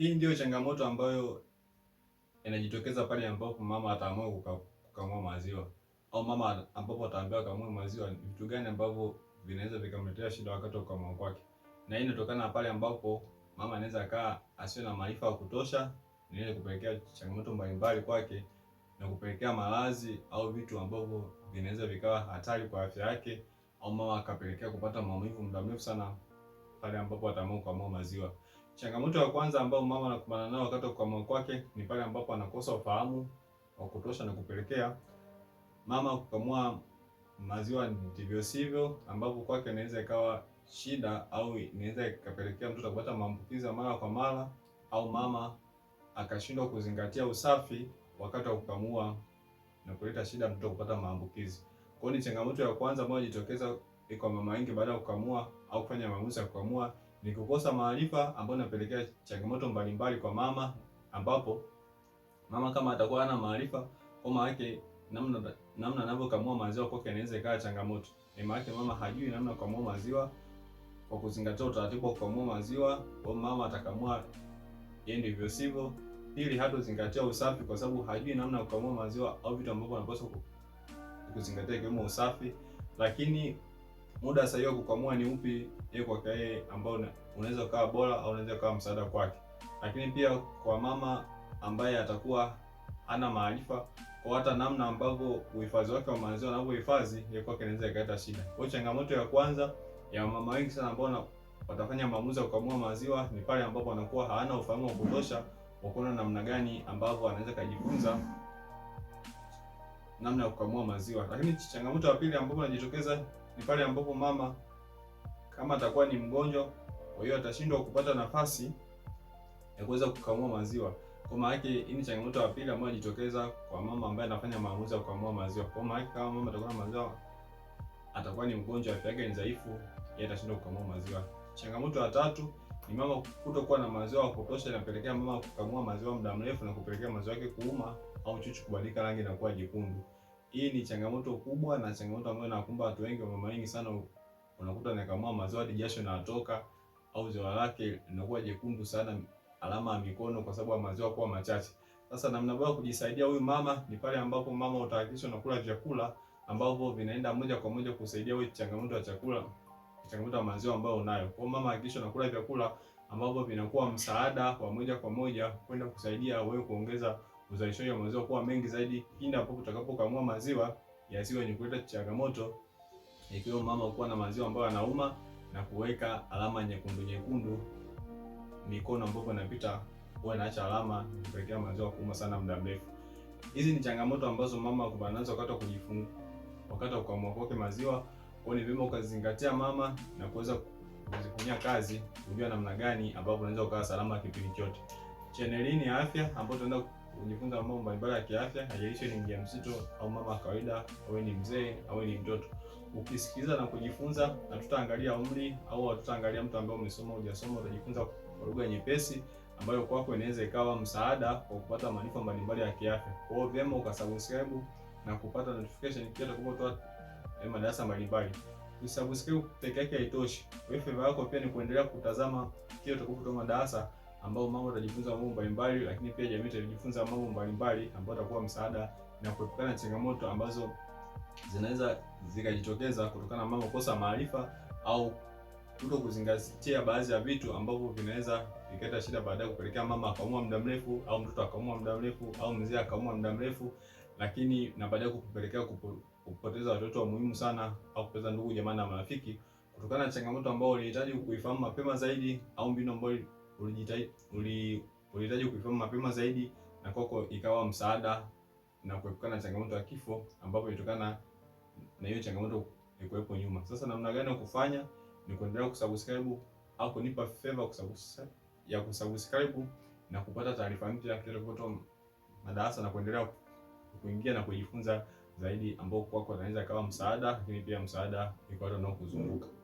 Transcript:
Hii ndio changamoto ambayo inajitokeza pale ambapo mama ataamua kukamua maziwa au mama ambapo ataambiwa akamue maziwa, vitu gani ambavyo vinaweza vikamletea shida wakati wa kukamua kwake. Na hii inatokana pale ambapo mama anaweza kaa asiwe na maarifa ya kutosha, niweze kupelekea changamoto mbalimbali kwake na kupelekea maradhi au vitu ambavyo vinaweza vikawa hatari kwa afya yake, au mama akapelekea kupata maumivu muda mrefu sana pale ambapo ataamua kukamua maziwa. Changamoto ya kwanza ambayo mama anakumbana nayo wakati wa kukamua kwake ni pale ambapo anakosa ufahamu wa kutosha na kupelekea mama kukamua maziwa ndivyo sivyo, ambapo kwake inaweza ikawa shida au inaweza ikapelekea mtoto kupata maambukizi ya mara kwa mara au mama akashindwa kuzingatia usafi wakati wa kukamua na kuleta shida mtoto kupata maambukizi. Kwa hiyo ni changamoto ya kwanza ambayo inajitokeza kwa mama wengi baada ya kukamua au kufanya maamuzi ya kukamua ni kukosa maarifa ambayo inapelekea changamoto mbalimbali kwa mama, ambapo mama kama atakuwa hana maarifa kwa maana yake namna namna anavyokamua maziwa kwake inaweza ikawa changamoto. Ni maana mama hajui namna kukamua maziwa kwa kuzingatia utaratibu wa kukamua maziwa, kwa mama atakamua yeye ndivyo sivyo. Pili, hatozingatia usafi kwa sababu hajui namna ya kukamua maziwa au vitu ambavyo anapaswa kuzingatia ikiwemo usafi, lakini muda sahihi wa kukamua ni upi yeye kwake yeye, ambao unaweza ukawa bora au unaweza ukawa msaada kwake. Lakini pia kwa mama ambaye atakuwa hana maarifa kwa hata namna ambavyo uhifadhi wake wa maziwa anavyohifadhi, yeye kwake inaweza ikaleta shida. Kwa changamoto ya kwanza ya mama wengi sana ambao watafanya maamuzi ya kukamua maziwa ni pale ambapo anakuwa hana ufahamu wa kutosha wa kuona namna gani ambavyo anaweza kujifunza namna ya kukamua maziwa. Lakini changamoto ya pili ambapo inajitokeza ni pale ambapo mama kama atakuwa ni mgonjwa, kwa hiyo atashindwa kupata nafasi ya kuweza kukamua maziwa. Kwa maana yake hii ni changamoto ya pili ambayo inajitokeza kwa mama ambaye anafanya maamuzi ya kukamua maziwa. Kwa maana yake kama mama atakuwa na maziwa, atakuwa ni mgonjwa, afya yake ni dhaifu, yeye atashindwa kukamua maziwa. Changamoto ya tatu ni mama kutokuwa na maziwa ya kutosha, inapelekea mama kukamua maziwa muda mrefu na kupelekea maziwa yake kuuma au chuchu kubadilika rangi na kuwa jekundu hii ni changamoto kubwa na changamoto ambayo inakumba watu wengi. Wamama wengi sana unakuta nakamua maziwa hadi jasho natoka au ziwa lake linakuwa jekundu sana, alama ya mikono, kwa sababu maziwa kuwa machache. Sasa namna bora kujisaidia huyu mama ni pale ambapo mama utahakikisha unakula vyakula ambavyo vinaenda moja kwa moja kusaidia wewe changamoto ya chakula, changamoto ya maziwa ambayo unayo. Kwa mama hakikisha unakula vyakula ambavyo vinakuwa msaada wa moja kwa moja kwenda kusaidia wewe kuongeza uzalishaji wa maziwa kuwa mengi zaidi pindi hapo utakapokamua maziwa yasiwe yenye kuleta changamoto, ikiwa mama kuwa na maziwa ambayo anauma na kuweka alama nyekundu nyekundu mikono ambapo inapita huwa inaacha alama kupelekea maziwa kuuma sana muda mrefu. Hizi ni changamoto ambazo mama akubana nazo wakati wa kujifungua, wakati wa kukamua kwake maziwa. Kwa ni vyema ukazingatia mama na kuweza kuzifanyia kazi, kujua namna gani ambapo unaweza ukawa salama kipindi chote. Chaneli ni afya ambayo tunaenda kujifunza mambo mbalimbali ya kiafya, haijalishi ni mjamzito au mama kawaida, awe ni mzee au ni mtoto. Ukisikiliza na kujifunza, na tutaangalia umri au tutaangalia mtu ambaye umesoma hujasoma, utajifunza kwa lugha nyepesi ambayo kwako inaweza ikawa msaada kwa kupata maarifa mbalimbali ya kiafya. Kwa hiyo vyema ukasubscribe na kupata notification kila tutakapotoa eh, madarasa mbalimbali. Usubscribe peke yake haitoshi. Kwa hiyo favor yako pia ni kuendelea kutazama kila tutakapotoa madarasa ambao mama atajifunza mambo mbalimbali, lakini pia jamii itajifunza mambo mbalimbali ambayo atakuwa msaada na kuepukana na changamoto ambazo zinaweza zikajitokeza kutokana na mama kukosa maarifa au kuto kuzingatia baadhi ya vitu ambavyo vinaweza vikaleta shida baadaye, kupelekea mama akaumwa muda mrefu au mtoto akaumwa muda mrefu au mzee akaumwa muda mrefu, lakini na baadaye kupelekea kupoteza watoto wa muhimu sana au kupoteza ndugu, jamaa na marafiki kutokana na changamoto ambayo ulihitaji kuifahamu mapema zaidi au mbinu ambayo ulihitaji kuifahamu mapema zaidi na kwako ikawa msaada na kuepukana na changamoto ya kifo ambapo ilitokana na hiyo changamoto ikuwepo nyuma. Sasa namna gani ya kufanya ni kuendelea kusubscribe au kunipa favor kusubscribe ya kusubscribe na kupata taarifa mpya kutoka madarasa na kuendelea kuingia na kujifunza zaidi ambao kwako anaweza kawa msaada, lakini pia msaada kwa watu wanaokuzunguka.